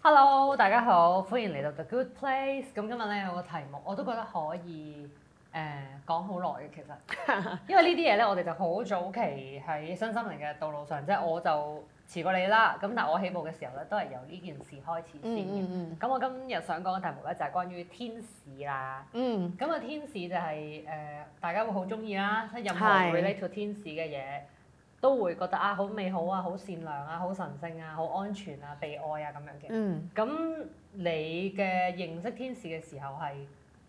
Hello，大家好，歡迎嚟到 The Good Place。咁今日咧有個題目，我都覺得可以誒講好耐嘅其實， 因為呢啲嘢咧我哋就好早期喺身心靈嘅道路上，即係我就遲過你啦。咁但係我起步嘅時候咧都係由呢件事開始先嘅。咁、嗯嗯嗯、我今日想講嘅題目咧就係、是、關於天使啦。嗯。咁啊，天使就係、是、誒、呃、大家會好鍾意啦，即係任何 relate to 天使嘅嘢。都會覺得啊好美好啊好善良啊好神聖啊好安全啊被愛啊咁樣嘅。嗯。咁你嘅認識天使嘅時候係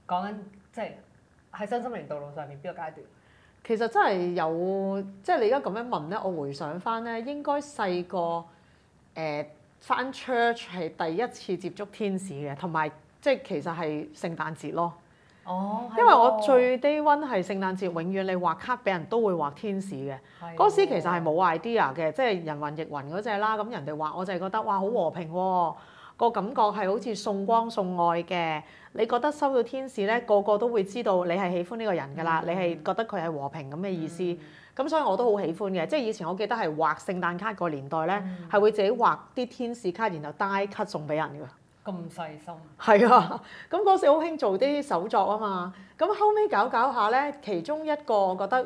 講緊即係喺身心靈道路上面邊個階段？其實真係有，即係你而家咁樣問咧，我回想翻咧，應該細個誒翻 Church 係第一次接觸天使嘅，同埋即係其實係聖誕節咯。哦，因為我最低溫係聖誕節，永遠你畫卡俾人都會畫天使嘅。嗰時其實係冇 idea 嘅，即係人云亦云嗰隻啦。咁人哋畫，我就係覺得哇，好和平喎，哦，個感覺係好似送光送愛嘅。你覺得收到天使咧，個個都會知道你係喜歡呢個人㗎啦，嗯、你係覺得佢係和平咁嘅意思。咁、嗯、所以我都好喜歡嘅，即係以前我記得係畫聖誕卡個年代咧，係、嗯、會自己畫啲天使卡，然後帶卡送俾人嘅。咁細心，係啊！咁嗰時好興做啲手作啊嘛，咁後尾搞搞下咧，其中一個我覺得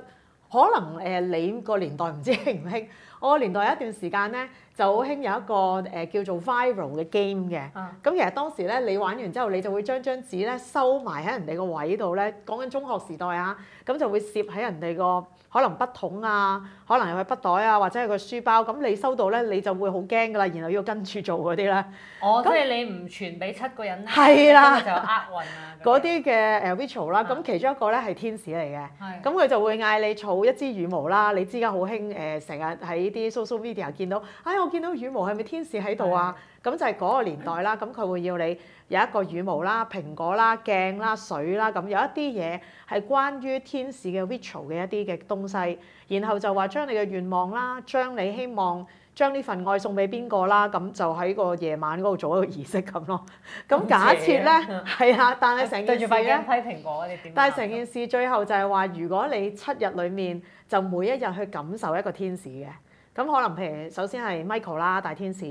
可能誒、呃、你個年代唔知興唔興，我個年代有一段時間咧就好興有一個誒、呃、叫做 viral 嘅 game 嘅，咁、啊、其實當時咧你玩完之後你就會將張紙咧收埋喺人哋個位度咧，講緊中學時代啊。咁就會攝喺人哋個可能筆筒啊，可能又係筆袋啊，或者係個書包。咁你收到咧，你就會好驚㗎啦，然後要跟住做嗰啲咧。哦，那即係你唔傳俾七個人咧，的就呃運啊！嗰啲嘅 ritual 啦，咁、 uh, 其中一個咧係天使嚟嘅，咁佢的就會嗌你儲一支羽毛啦。你而家好興誒，成日喺啲 social media 見到，哎，我見到羽毛係咪天使喺度啊？的咁就係嗰個年代啦，咁佢會要你有一個羽毛啦、蘋果啦、鏡啦、水啦，咁有一啲嘢係關於天使嘅 ritual 嘅一啲嘅東西，然後就話將你嘅願望啦，將你希望將呢份愛送俾邊個啦，咁就喺個夜晚嗰度做一個儀式咁咯。咁假設咧，係啊，但係成件事咧，對住塊鏡批蘋果，你點？但係成件事最後就係話，如果你七日裡面就每一日去感受一個天使嘅。咁可能，譬如首先係 Michael 啦，大天使，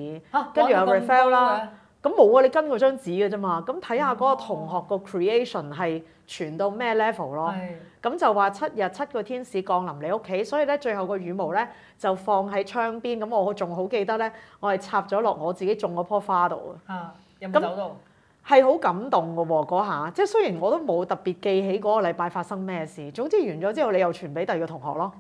跟住有 Raphael 啦，咁冇啊，啊，你跟嗰張紙嘅啫嘛。咁睇下嗰個同學個 creation 係傳到咩 level 咯。咁是的 就話七日七個天使降臨你屋企，所以咧最後個羽毛咧就放喺窗邊。咁我仲好記得咧，我係插咗落我自己種嗰棵花度啊。咁走係好感動嘅喎，啊，嗰下即係雖然我都冇特別記起嗰個禮拜發生咩事。總之完咗之後，你又傳俾第二個同學咯。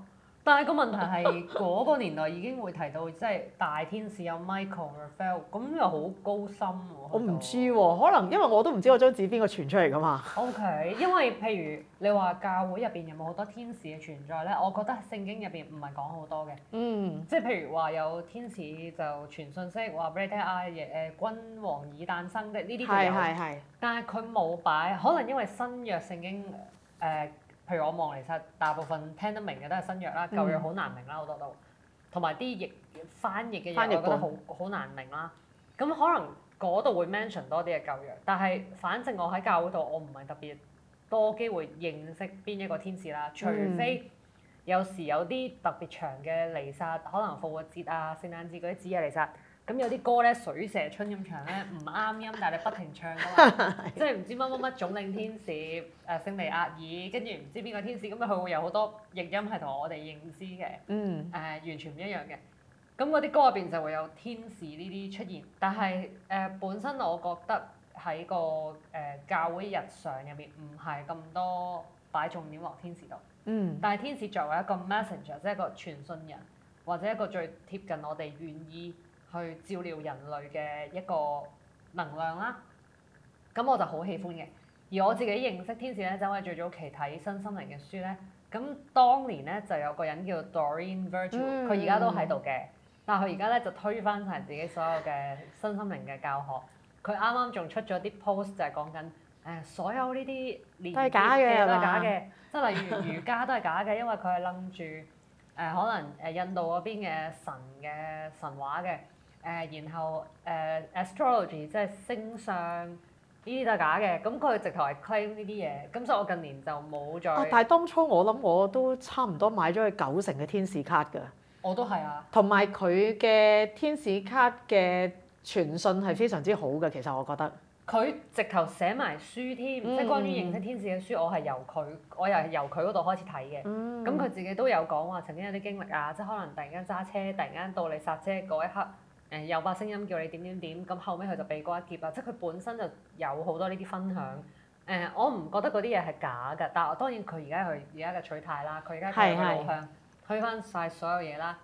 但係個問題係嗰，那個年代已經會提到，即，就，係，是，大天使有 Michael、Raphael，咁又好高深喎。我唔知喎，可能因為我都唔知我張紙邊個傳出嚟噶嘛。O、okay, K，因為譬如你話教會入邊有冇好多天使嘅存在咧？我覺得聖經入邊唔係講好多嘅。嗯。即係譬如話有天使就傳信息話俾你聽啊！耶誒，呃，君王已誕生的呢啲係係，但係佢冇擺，可能因為新約聖經誒。呃譬如我望嚟曬，大部分聽得明嘅都係新約啦，舊約好難明啦，好多都，同埋啲譯翻譯嘅嘢我覺得好好難明啦。咁可能嗰度會 mention 多啲嘅舊約，但係反正我喺教會度我唔係特別多機會認識邊一個天使啦，除非有時有啲特別長嘅彌撒，可能復活節啊、聖誕節嗰、啊、啲節日彌撒。咁有啲歌咧水蛇春咁長咧唔啱音，但係你不停唱㗎嘛， 即係唔知乜乜乜總領天使誒聖尼亞爾，跟住唔知邊個天使，咁啊佢會有好多譯音係同我哋認知嘅，誒、嗯呃、完全唔一樣嘅。咁嗰啲歌入邊就會有天使呢啲出現。但係誒、呃、本身我覺得喺個誒、呃、教會日常入面唔係咁多擺重點落天使度，嗯、但係天使作為一個 messenger 即係一個傳信人或者一個最貼近我哋願意。去照料人類嘅一個能量啦，咁我就好喜歡嘅。而我自己認識天使咧，就因、是、為最早期睇《身心靈》嘅書咧，咁當年咧就有個人叫 Doreen Virtue，佢而家、嗯、都喺度嘅，嗯、但係佢而家咧就推翻晒自己所有嘅《身心靈》嘅教學。佢啱啱仲出咗啲 post 就係講緊，誒、呃、所有呢啲練假嘅，吧都係假嘅，即係例如瑜伽都係假嘅， 因為佢係諗住誒可能誒印度嗰邊嘅神嘅神話嘅。誒、呃，然後誒、呃、astrology 即係星相呢啲都係假嘅，咁佢直頭係 claim 呢啲嘢，咁所以我近年就冇再。但係當初我諗我都差唔多買咗佢九成嘅天使卡㗎。我都係啊。同埋佢嘅天使卡嘅傳信係非常之好嘅，嗯、其實我覺得。佢直頭寫埋書添，嗯、即係關於認識天使嘅書，我係由佢，我又係由佢嗰度開始睇嘅。咁佢、嗯、自己都有講話，曾經有啲經歷啊，即係可能突然間揸車，突然間到你剎車嗰一刻。誒、uh, 有把聲音叫你點點點，咁後尾佢就俾嗰一劫啦。即係佢本身就有好多呢啲分享。誒，嗯 uh, 我唔覺得嗰啲嘢係假嘅，但我當然佢而家佢而家嘅取態啦。佢而家嘅路向，推翻晒所有嘢啦。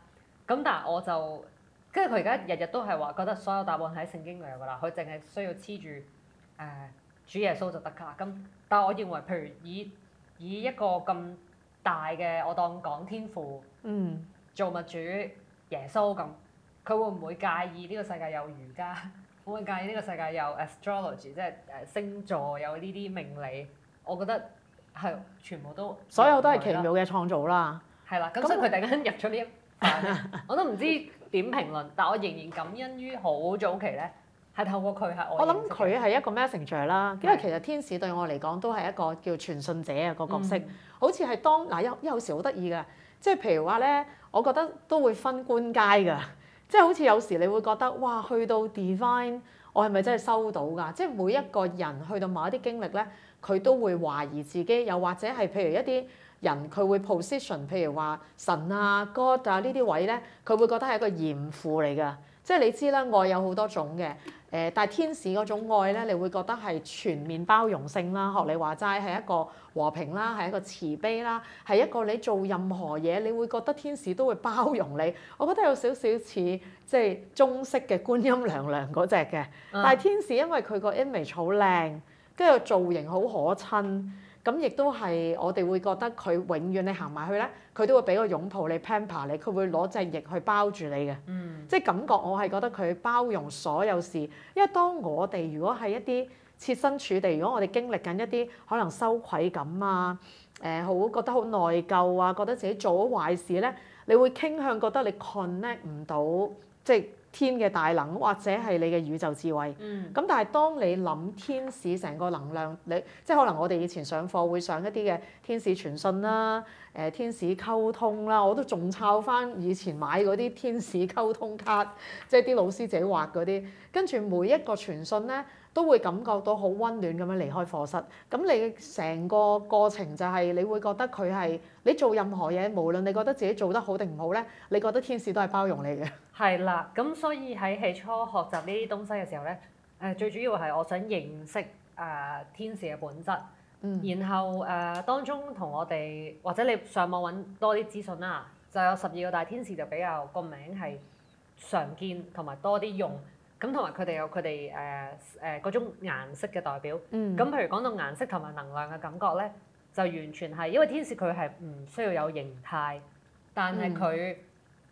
咁但係我就跟住佢而家日日都係話覺得所有答案喺聖經裏面㗎啦。佢淨係需要黐住誒主耶穌就得㗎啦。咁但係我認為，譬如以以一個咁大嘅，我當講天父，嗯、造物主耶穌咁，佢會唔會介意呢個世界有瑜伽？會唔會介意呢個世界有 astrology，即係誒星座有呢啲命理？我覺得係全部都所有都係奇妙嘅創造啦。係啦，咁那所以佢突然間入咗呢， 我都唔知點評論，但我仍然感恩於好早期咧，係透過佢係我。我諗佢係一個 messenger 啦，因為其實天使對我嚟講都係一個叫傳信者個角色，嗯、好似係當嗱有、呃、有時好得意㗎，即係譬如話咧，我覺得都會分官階㗎。即係好似有時你會覺得，哇！去到 divine，我係咪真係收到㗎？即係每一個人去到某一啲經歷咧，佢都會懷疑自己，又或者係譬如一啲人，佢會 position，譬如話神啊、God 啊呢啲位咧，佢會覺得係一個嚴父嚟㗎。即係你知啦，愛有好多種嘅，誒、呃，但係天使嗰種愛咧，你會覺得係全面包容性啦。學你話齋係一個和平啦，係一個慈悲啦，係一個你做任何嘢，你會覺得天使都會包容你。我覺得有少少似即係中式嘅觀音娘娘嗰隻嘅，嗯、但係天使因為佢個 image 好靚，跟住造型好可親。咁亦都係我哋會覺得佢永遠你行埋去咧，佢都會俾個擁抱你、pamper 你、嗯，佢會攞隻翼去包住你嘅，即係感覺我係覺得佢包容所有事。因為當我哋如果係一啲設身處地，如果我哋經歷緊一啲可能羞愧感啊，誒、呃、好覺得好內疚啊，覺得自己做咗壞事咧。你會傾向覺得你 connect 唔到即係天嘅大能，或者係你嘅宇宙智慧。咁、嗯、但係當你諗天使成個能量，你即係可能我哋以前上課會上一啲嘅天使傳訊啦，誒、呃、天使溝通啦，我都仲抄翻以前買嗰啲天使溝通卡，即係啲老師自己畫嗰啲，跟住每一個傳訊咧。都會感覺到好温暖咁樣離開課室，咁你成個過程就係你會覺得佢係你做任何嘢，無論你覺得自己做得好定唔好咧，你覺得天使都係包容你嘅。係啦，咁所以喺起初學習呢啲東西嘅時候咧，誒、呃、最主要係我想認識誒、呃、天使嘅本質，嗯、然後誒、呃、當中同我哋或者你上網揾多啲資訊啦，就有十二個大天使就比較個名係常見同埋多啲用。嗯。咁同埋佢哋有佢哋誒誒嗰種顏色嘅代表。咁、mm. 譬如講到顏色同埋能量嘅感覺咧，就完全係因為天使佢係唔需要有形態，但係佢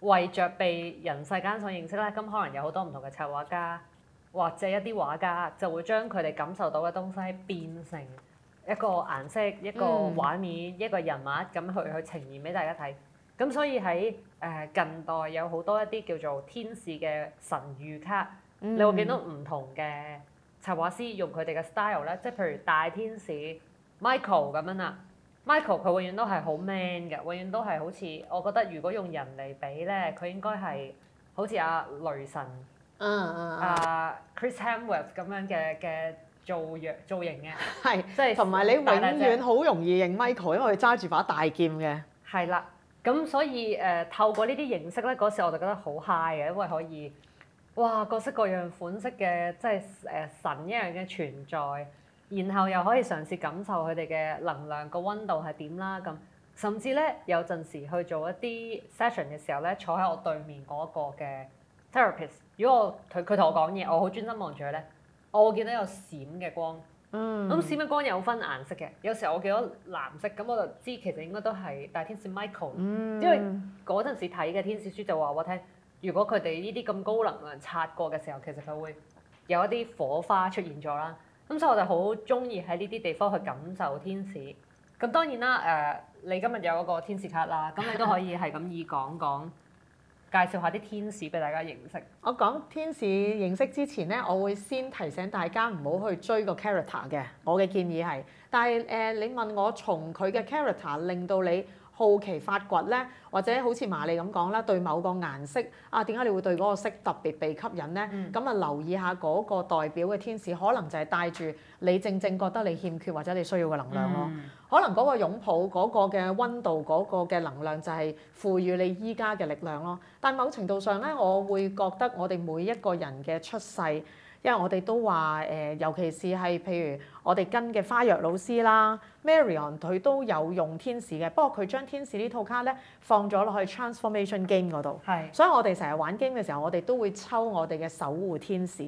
為着被人世間所認識咧，咁可能有好多唔同嘅插畫家或者一啲畫家就會將佢哋感受到嘅東西變成一個顏色、mm. 一個畫面、一個人物咁去去呈現俾大家睇。咁所以喺誒、呃、近代有好多一啲叫做天使嘅神諭卡。嗯、你會見到唔同嘅插畫師用佢哋嘅 style 咧，即係譬如大天使 Michael 咁樣啦。Michael 佢永遠都係好 man 嘅，永遠都係好似我覺得如果用人嚟比咧，佢應該係好似阿雷神、嗯嗯嗯、啊啊啊 Chris Hemsworth 咁樣嘅嘅造樣造型嘅。係，即係同埋你永遠好容易認 Michael， 因為佢揸住把大劍嘅。係啦，咁所以誒、呃，透過呢啲形式咧，嗰時我就覺得好 high 嘅，因為可以。哇！各式各樣款式嘅，即係誒神一樣嘅存在，然後又可以嘗試感受佢哋嘅能量、個温度係點啦。咁甚至咧，有陣時去做一啲 session 嘅時候咧，坐喺我對面嗰個嘅 therapist，如果我佢佢同我講嘢，我好專心望住佢咧，我會見到有閃嘅光。嗯。咁閃嘅光有分顏色嘅，有時候我見到藍色，咁我就知其實應該都係大天使 Michael，嗯、因為嗰陣時睇嘅天使書就話我聽。如果佢哋呢啲咁高能量擦過嘅時候，其實佢會有一啲火花出現咗啦。咁所以我就好中意喺呢啲地方去感受天使。咁當然啦，誒、呃，你今日有嗰個天使卡啦，咁你都可以係咁意講講，介紹下啲天使俾大家認識。 我講天使認識之前呢，我會先提醒大家唔好去追個 character 嘅。我嘅建議係，但係誒、呃，你問我從佢嘅 character 令到你。好奇發掘咧，或者好似瑪麗咁講啦，對某個顏色啊，點解你會對嗰個色特別被吸引咧？咁啊、嗯，留意下嗰、嗰個代表嘅天使，可能就係帶住你正正覺得你欠缺或者你需要嘅能量咯。嗯、可能嗰個擁抱嗰個嘅溫度，嗰、嗰個嘅能量就係賦予你依家嘅力量咯。但某程度上咧，我會覺得我哋每一個人嘅出世。因為我哋都話誒、呃，尤其是係譬如我哋跟嘅花藥老師啦，Marian 佢都有用天使嘅，不過佢將天使呢套卡咧放咗落去 Transformation Game 嗰度。係，的所以我哋成日玩 game 嘅時候，我哋都會抽我哋嘅守護天使。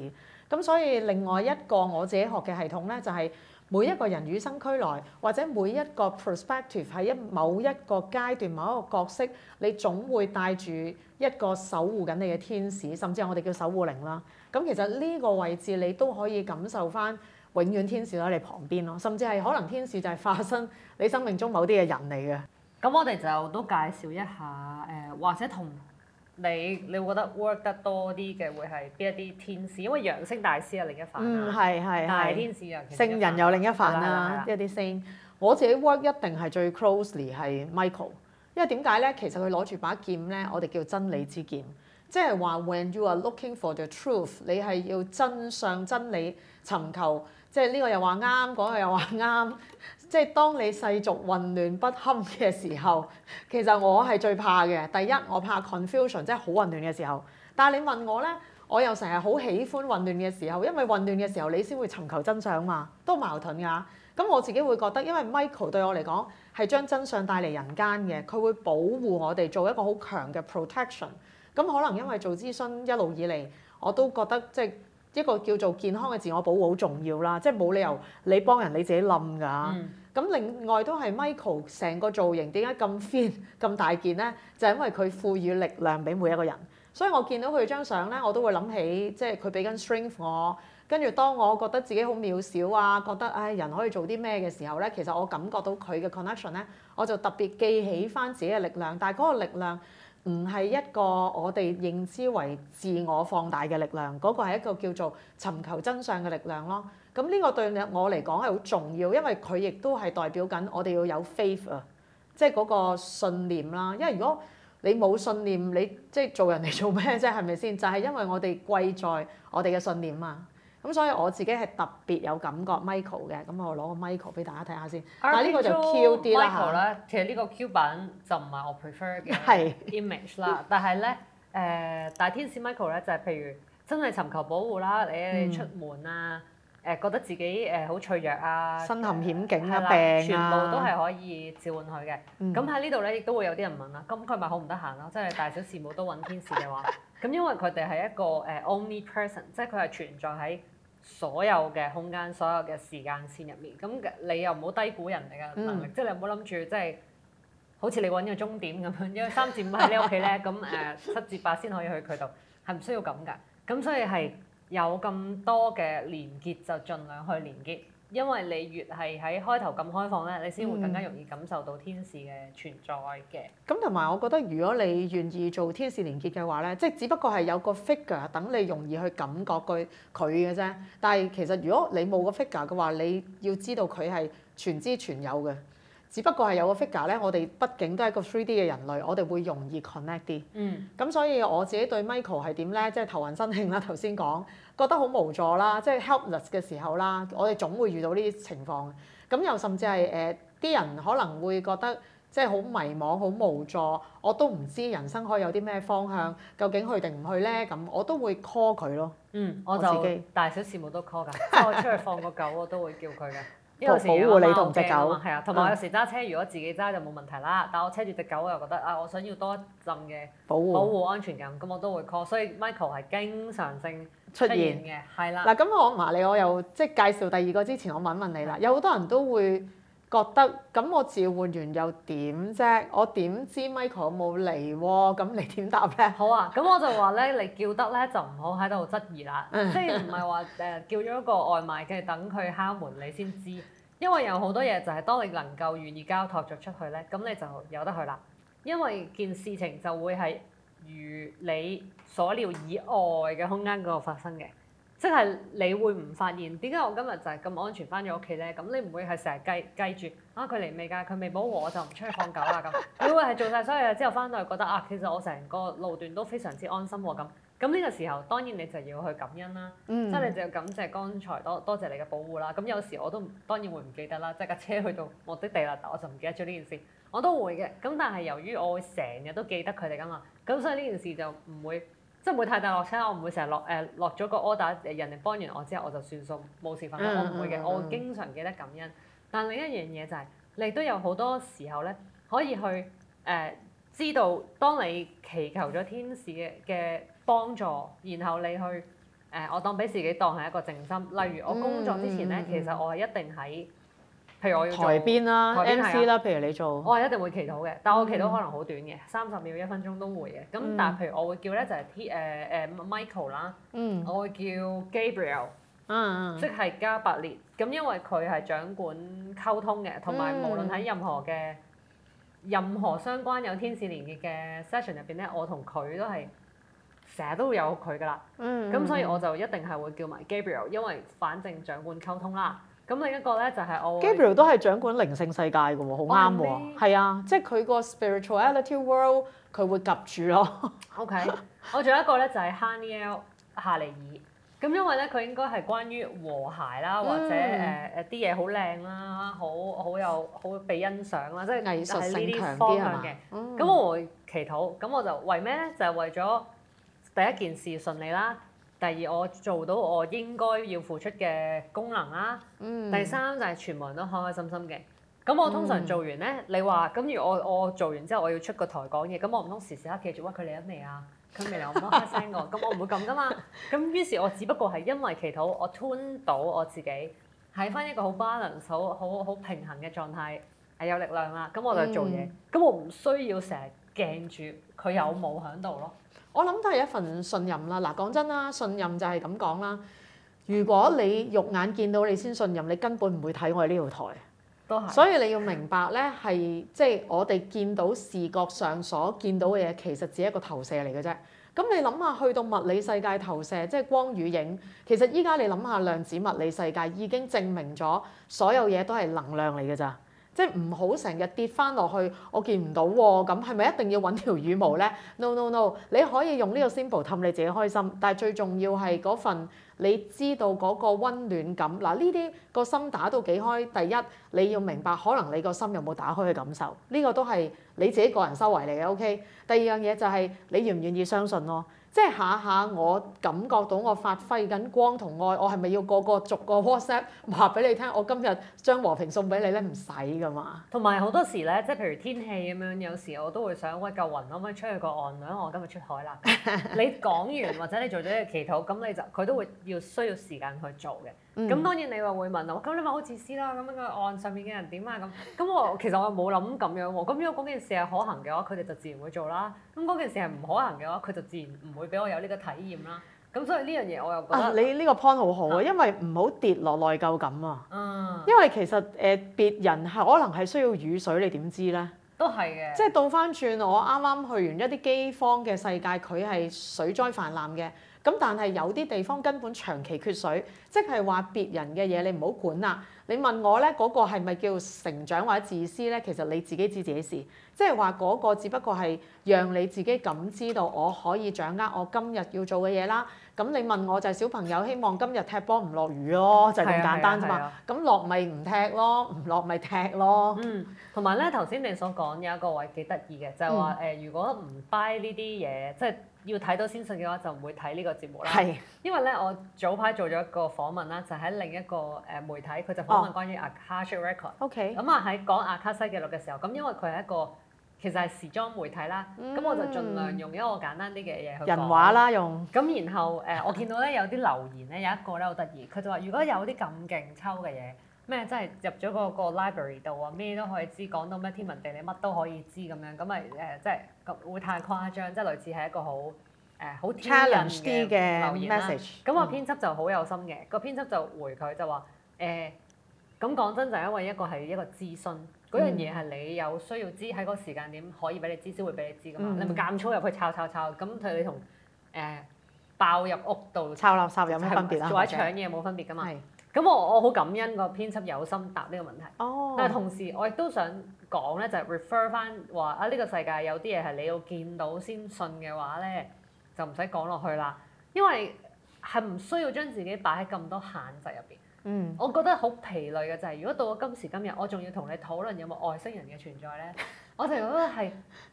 咁所以另外一個我自己學嘅系統咧，就係、係、每一個人與生俱來，或者每一個 perspective 喺一某一個階段、某一個角色，你總會帶住一個守護緊你嘅天使，甚至係我哋叫守護靈啦。咁其實呢個位置你都可以感受翻，永遠天使喺你旁邊咯，甚至係可能天使就係化身你生命中某啲嘅人嚟嘅。咁我哋就都介紹一下誒、呃，或者同你你會覺得 work 得多啲嘅會係邊一啲天使？因為揚升大師又另一範啦，但係、嗯、天使啊，聖人又另一範啦，一啲聖我自己 work 一定係最 closely 係 Michael，因為點解咧？其實佢攞住把劍咧，我哋叫真理之劍。嗯即係話，When you are looking for the truth，你係要真相真理尋求。即係呢個又話啱，嗰個又話啱。即係當你世俗混亂不堪嘅時候，其實我係最怕嘅。第一，我怕 confusion，即係好混亂嘅時候。但係你問我咧，我又成日好喜歡混亂嘅時候，因為混亂嘅時候你先會尋求真相嘛，都矛盾㗎。咁我自己會覺得，因為 Michael 對我嚟講係將真相帶嚟人間嘅，佢會保護我哋做一個好強嘅 protection。咁可能因為做諮詢一路以嚟，我都覺得即係一個叫做健康嘅自我保護好重要啦，即係冇理由你幫人你自己冧㗎嚇。咁、嗯、另外都係 Michael 成個造型點解咁 fit 咁大件咧？就係、是、因為佢賦予力量俾每一個人。所以我見到佢張相咧，我都會諗起即係佢俾緊 strength 我。跟住當我覺得自己好渺小啊，覺得唉、哎、人可以做啲咩嘅時候咧，其實我感覺到佢嘅 connection 咧，我就特別記起翻自己嘅力量，但係嗰個力量。唔係一個我哋認知為自我放大嘅力量，嗰個係一個叫做尋求真相嘅力量咯。咁呢個對我嚟講係好重要，因為佢亦都係代表緊我哋要有 faith 啊，即係嗰個信念啦。因為如果你冇信念，你即係做人嚟做咩啫？係咪先？就係因為我哋貴在我哋嘅信念啊。咁所以我自己係特別有感覺 Michael 嘅，咁我攞個 Michael 俾大家睇下先。但係呢個就 Q 啲啦。 Michael 咧，其實呢個 Q 版就唔係我 prefer 嘅 image 啦是、 呃。但係咧，誒大天使 Michael 咧就係、是、譬如真係尋求保護啦，你你出門啊，誒、嗯、覺得自己誒好脆弱啊，嗯、身陷險境啊，的病啊全部都係可以召喚佢嘅。咁喺、嗯、呢度咧亦都會有啲人問啦，咁佢咪好唔得閒咯？即係 大小事務都揾天使嘅話。 咁因為佢哋係一個誒、uh, only person，即係佢係存在喺所有嘅空間、所有嘅時間線入面。咁你又唔好低估人哋嘅能力，mm. 即係你唔好諗住即係好似你搵個終點咁樣，因為三至五喺你屋企咧，咁誒七至八先可以去佢度，係唔需要咁㗎。咁所以係有咁多嘅連結，就儘量去連結。因為你越係喺開頭咁開放咧，你先會更加容易感受到天使嘅存在嘅、嗯。咁同埋我覺得，如果你願意做天使連結嘅話咧，即係只不過係有個 figure 等你容易去感覺佢佢嘅啫。但係其實如果你冇個 figure 嘅話，你要知道佢係全知全有嘅。只不過係有個 figure 咧，我哋畢竟都係個 three D 嘅人類，我哋會容易 connect 啲。嗯。咁所以我自己對 Michael 係點咧？即係頭暈身興啦，頭先講覺得好無助啦，即係 helpless 嘅時候啦，我哋總會遇到呢啲情況。咁又甚至係誒啲人可能會覺得即係好迷茫、好無助，我都唔知人生可以有啲咩方向，究竟去定唔去咧？咁我都會 call 佢咯。嗯，我，我自己大小事務都 call 㗎，我出去放個狗， 我都會叫佢嘅。因為保護你同隻狗，係啊，同埋有時揸車如果自己揸就冇問題啦，但我車住隻狗我又覺得啊，我想要多一陣嘅保護保護安全感，咁護我都會 call。所以 Michael 係經常性出現嘅，係啦現。嗱咁了我問下你，我又即係介紹第二個之前，我問問你啦。有好多人都會。覺得咁我召喚完又點啫？我點知 Michael 冇嚟喎？咁你點答咧？好啊，咁我就話咧， 你叫得咧就唔好喺度質疑啦， 即係唔係話誒叫咗個外賣嘅等佢敲門你先知，因為有好多嘢就係當你能夠願意交託咗出去咧，咁你就有得去啦。因為件事情就會係如你所料以外嘅空間嗰度發生嘅。即係你會唔發現點解我今日就係咁安全翻咗屋企咧？咁你唔會係成日計計住啊佢嚟未㗎？佢未保護我就唔出去放狗啦咁。你 會係做晒所有嘢之後翻到去覺得啊，其實我成個路段都非常之安心喎咁。咁呢個時候當然你就要去感恩啦，即係、mm. 你就要感謝剛才多多謝你嘅保護啦。咁有時我都當然會唔記得啦，即係架車去到目的地啦，但我就唔記得咗呢件事。我都會嘅，咁但係由於我會成日都記得佢哋㗎嘛，咁所以呢件事就唔會。即係唔會太大落車，我唔會成日落誒、呃、落咗個 order，人哋幫完我之後我就算數冇事瞓、嗯、我唔會嘅，嗯、我經常記得感恩。但另一樣嘢就係、是，你都有好多時候咧，可以去誒、呃、知道，當你祈求咗天使嘅嘅幫助，然後你去誒、呃，我當俾自己當係一個靜心。例如我工作之前咧，嗯嗯、其實我係一定喺。譬如我要台邊啦，MC 啦，譬如你做，我係一定會祈禱嘅，嗯、但我祈禱可能好短嘅，三十秒、一分鐘都會嘅。咁、嗯、但係譬如我會叫咧就係 T 誒誒 Michael 啦、嗯，我會叫 Gabriel，嗯、即係加百列。咁因為佢係掌管溝通嘅，同埋無論喺任何嘅任何相關有天使連結嘅 session 入邊咧，我同佢都係成日都會有佢噶啦。咁、嗯、所以我就一定係會叫埋 Gabriel，因為反正掌管溝通啦。咁另一個咧就係我 Gabriel 都係掌管靈性世界嘅喎，好啱喎，係啊 Okay.，即係佢個 spirituality world 佢會夾住咯。 OK，我仲有一個咧就係 Haniel 夏利爾，咁因為咧佢應該係關於和諧啦，或者誒誒啲嘢好靚啦，好好、嗯呃、有好被欣賞啦，即、就、係、是、藝術性啲方向嘅。咁、嗯、我會祈禱，咁我就為咩咧？就係、是、為咗第一件事順利啦。第二，我做到我應該要付出嘅功能啦。嗯、第三就係、是、全部人都開開心心嘅。咁我通常做完咧，嗯、你話咁如我我做完之後，我要出個台講嘢，咁我唔通時時刻刻記住哇，佢嚟唔未啊？佢未嚟， 我唔通發聲個，咁我唔會咁噶嘛。咁於是，我只不過係因為祈禱，我 tune 到我自己喺翻一個好 balance、好好好平衡嘅狀態，係有力量啦。咁我就做嘢，咁、嗯、我唔需要成日鏡住佢有冇喺度咯。嗯我諗都係一份信任啦。嗱，啊，講真啦，信任就係咁講啦。如果你肉眼見到你先信任，你根本唔會睇我哋呢條台。都係，所以你要明白咧，係即係我哋見到視覺上所見到嘅嘢，其實只係一個投射嚟嘅啫。咁你諗下，去到物理世界投射，即係光與影。其實依家你諗下，量子物理世界已經證明咗所有嘢都係能量嚟嘅咋。即係唔好成日跌翻落去，我見唔到喎、哦。咁係咪一定要揾條羽毛呢？No no no，你可以用呢個 symbol 氹你自己開心。但係最重要係嗰份你知道嗰個温暖感。嗱呢啲個心打到幾開？第一你要明白，可能你個心有冇打開嘅感受，呢、這個都係你自己個人修為嚟嘅。OK。第二樣嘢就係你願唔願意相信咯、哦。即係下下我感覺到我發揮緊光同愛，我係咪要個個逐個 WhatsApp 話俾你聽？我今日將和平送俾你咧，唔使噶嘛。同埋好多時咧，即係譬如天氣咁樣，有時我都會想屈嚿雲可唔可以出去個岸？因為我今日出海啦。 你講完或者你做咗一個祈禱，咁你就佢都會要需要時間去做嘅。咁、嗯、當然你話會問啊，咁你話好自私啦，咁個岸上面嘅人點啊咁？咁我其實我又冇諗咁樣喎。咁如果嗰件事係可行嘅話，佢哋就自然會做啦。咁嗰件事係唔可行嘅話，佢就自然唔會俾我有呢個體驗啦。咁所以呢樣嘢我又覺得你呢個 point 好好啊，好啊，因為唔好跌落內疚感啊。嗯。因為其實誒，別人係可能係需要雨水，你點知咧？都係嘅。即係倒翻轉，我啱啱去完一啲饑荒嘅世界，佢係水災泛濫嘅。咁但係有啲地方根本長期缺水，即係話別人嘅嘢你唔好管啦。你問我咧嗰個係咪叫成長或者自私咧？其實你自己知自己事，即係話嗰個只不過係讓你自己咁知道我可以掌握我今日要做嘅嘢啦。咁你問我就係小朋友希望今日踢波唔落雨咯，就係咁簡單啫嘛。咁落咪唔踢咯，唔落咪踢咯。嗯，同埋咧頭先你所講有一個位幾得意嘅，就係話誒，如果唔 buy 呢啲嘢，嗯、即係。要睇到先信嘅話，就唔會睇呢個節目啦。係是，因為咧，我早排做咗一個訪問啦，就喺、是、另一個誒媒體，佢就訪問關於阿卡西紀錄。O K。咁啊喺講阿卡西紀錄嘅時候，咁、嗯、因為佢係一個其實係時裝媒體啦，咁我就盡量用一個簡單啲嘅嘢去講。人話啦，用。咁然後誒，我見到咧有啲留言咧，有一個咧好得意，佢就話：如果有啲咁勁抽嘅嘢。咩真係入咗個 library 度啊？咩都可以知，講到咩天文地理乜都可以知咁樣，咁咪誒即係會太誇張，即係類似係一個好誒好 challenge 啲嘅留言 message。咁個編輯就好有心嘅，個編輯就回佢就話誒，咁講真就因為一個係一個資訊，嗰樣嘢係你有需要知喺嗰個時間點可以俾你知，先會俾你知噶嘛。你咪間操入去抄抄抄，咁佢你同誒爆入屋度抄垃圾有咩分別啊？做一搶嘢冇分別噶嘛？咁我我好感恩個編輯有心答呢個問題，oh. 但係同時我亦都想講咧，就係、是、refer 翻話啊呢、呢個世界有啲嘢係你要見到先信嘅話咧，就唔使講落去啦，因為係唔需要將自己擺喺咁多限制入邊。嗯，mm. 我覺得好疲累嘅就係、是，如果到我今時今日，我仲要同你討論有冇外星人嘅存在咧， 我就覺得係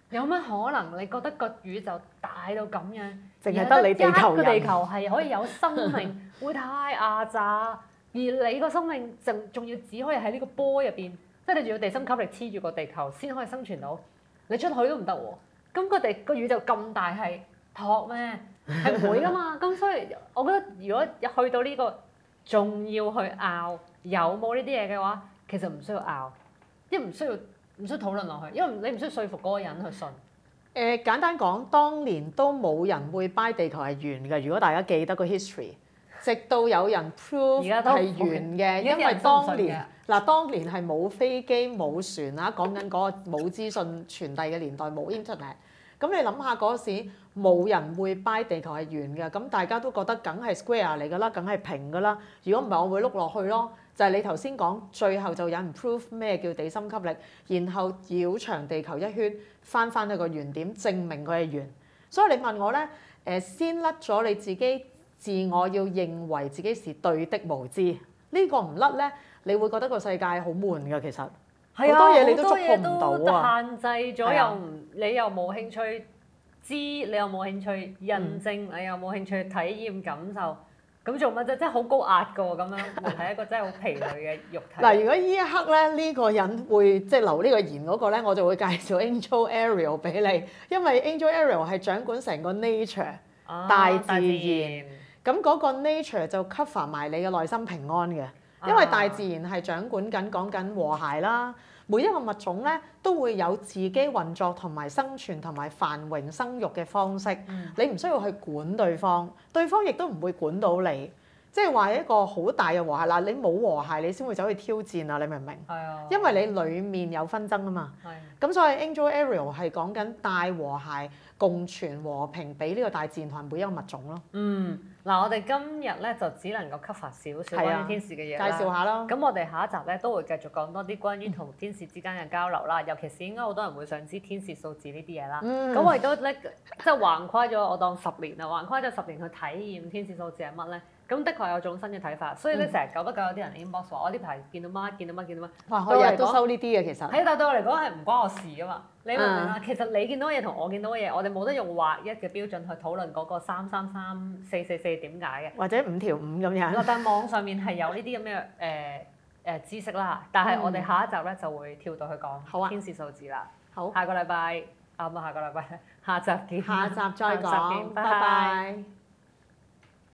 有乜可能？你覺得個宇宙大到咁樣，淨係得你地球，一個地球係可以有生命， 會太壓榨。而你個生命就仲要只可以喺呢個波入邊，即係你仲要地心吸力黐住個地球先可以生存到，你出去都唔得喎。咁、那個地個宇宙咁大係托咩？係唔會噶嘛。咁 所以我覺得如果去到呢、這個仲要去拗，有冇呢啲嘢嘅話，其實唔需要拗，亦唔需要唔需要討論落去，因為你唔需要說服嗰個人去信。誒、呃，簡單講，當年都冇人會掰地球係圓嘅。如果大家記得個 history。直到有人 prove 係圓嘅，因為當年嗱，當年係冇飛機冇船啦，講緊嗰個冇資訊傳遞嘅年代冇 internet，咁你諗下嗰時冇人會 buy 地球係圓嘅，咁大家都覺得梗係 square 嚟㗎啦，梗係平㗎啦。如果唔係，我會碌落去咯。就係你頭先講，最後就有人 prove 咩叫地心吸力，然後繞長地球一圈，翻翻去個圓點，證明佢係圓。所以你問我咧，誒先甩咗你自己。自我要認為自己是對的無知，呢、這個唔甩呢，你會覺得個世界好悶㗎。其實好的多嘢你都觸碰唔到，限制咗的又唔，你又冇興趣知，你又冇興趣印證，嗯、你又冇興趣體驗感受，咁做乜啫？即係好高壓㗎喎！咁樣係一個真係好疲累嘅肉體。嗱， 如果呢一刻咧呢、這個人會即係留呢個言嗰個咧，我就會介紹 Angel Ariel 俾你，因為 Angel Ariel 係掌管成個 nature、啊、大自然。咁嗰個 nature 就 cover 埋你嘅內心平安嘅，因為大自然係掌管緊講緊和諧啦。每一個物種咧都會有自己運作同埋生存同埋繁榮生育嘅方式，你唔需要去管對方，對方亦都唔會管到你。即係話一個好大嘅和諧啦，你冇和諧，你先會走去挑戰啊！你明唔明？係啊， 因為你裡面有紛爭啊嘛。係。咁 所以 Angel Ariel 係講緊大和諧共存和平，俾呢個大自然同埋每一個物種咯。嗯，嗱，我哋今日咧就只能夠 cover 少少關於天使嘅嘢、嗯、介紹下咯。咁我哋下一集咧都會繼續講多啲關於同天使之間嘅交流啦。尤其是應該好多人會想知天使數字、嗯、呢啲嘢啦。咁我亦都咧即係橫跨咗我當十年啦，橫跨咗十年去體驗天使數字係乜咧？咁的確有種新嘅睇法，所以咧成日久不久有啲人 inbox 話：我呢排見到乜，見到乜，見到乜。哇！我日日都收呢啲嘅其實。係，但對我嚟講係唔關我事㗎嘛。你明唔明啊？嗯、其實你見到嘢同我見到嘢，我哋冇得用畫一嘅標準去討論嗰個三三三四四四點解嘅，或者五條五咁樣。但網上面係有呢啲咁嘅誒誒知識啦。但係我哋下一集咧就會跳到去講天使數字啦。好，啊好下。下個禮拜，啊咁啊，下個禮拜，下集，下，集下集見。下集再講，拜拜。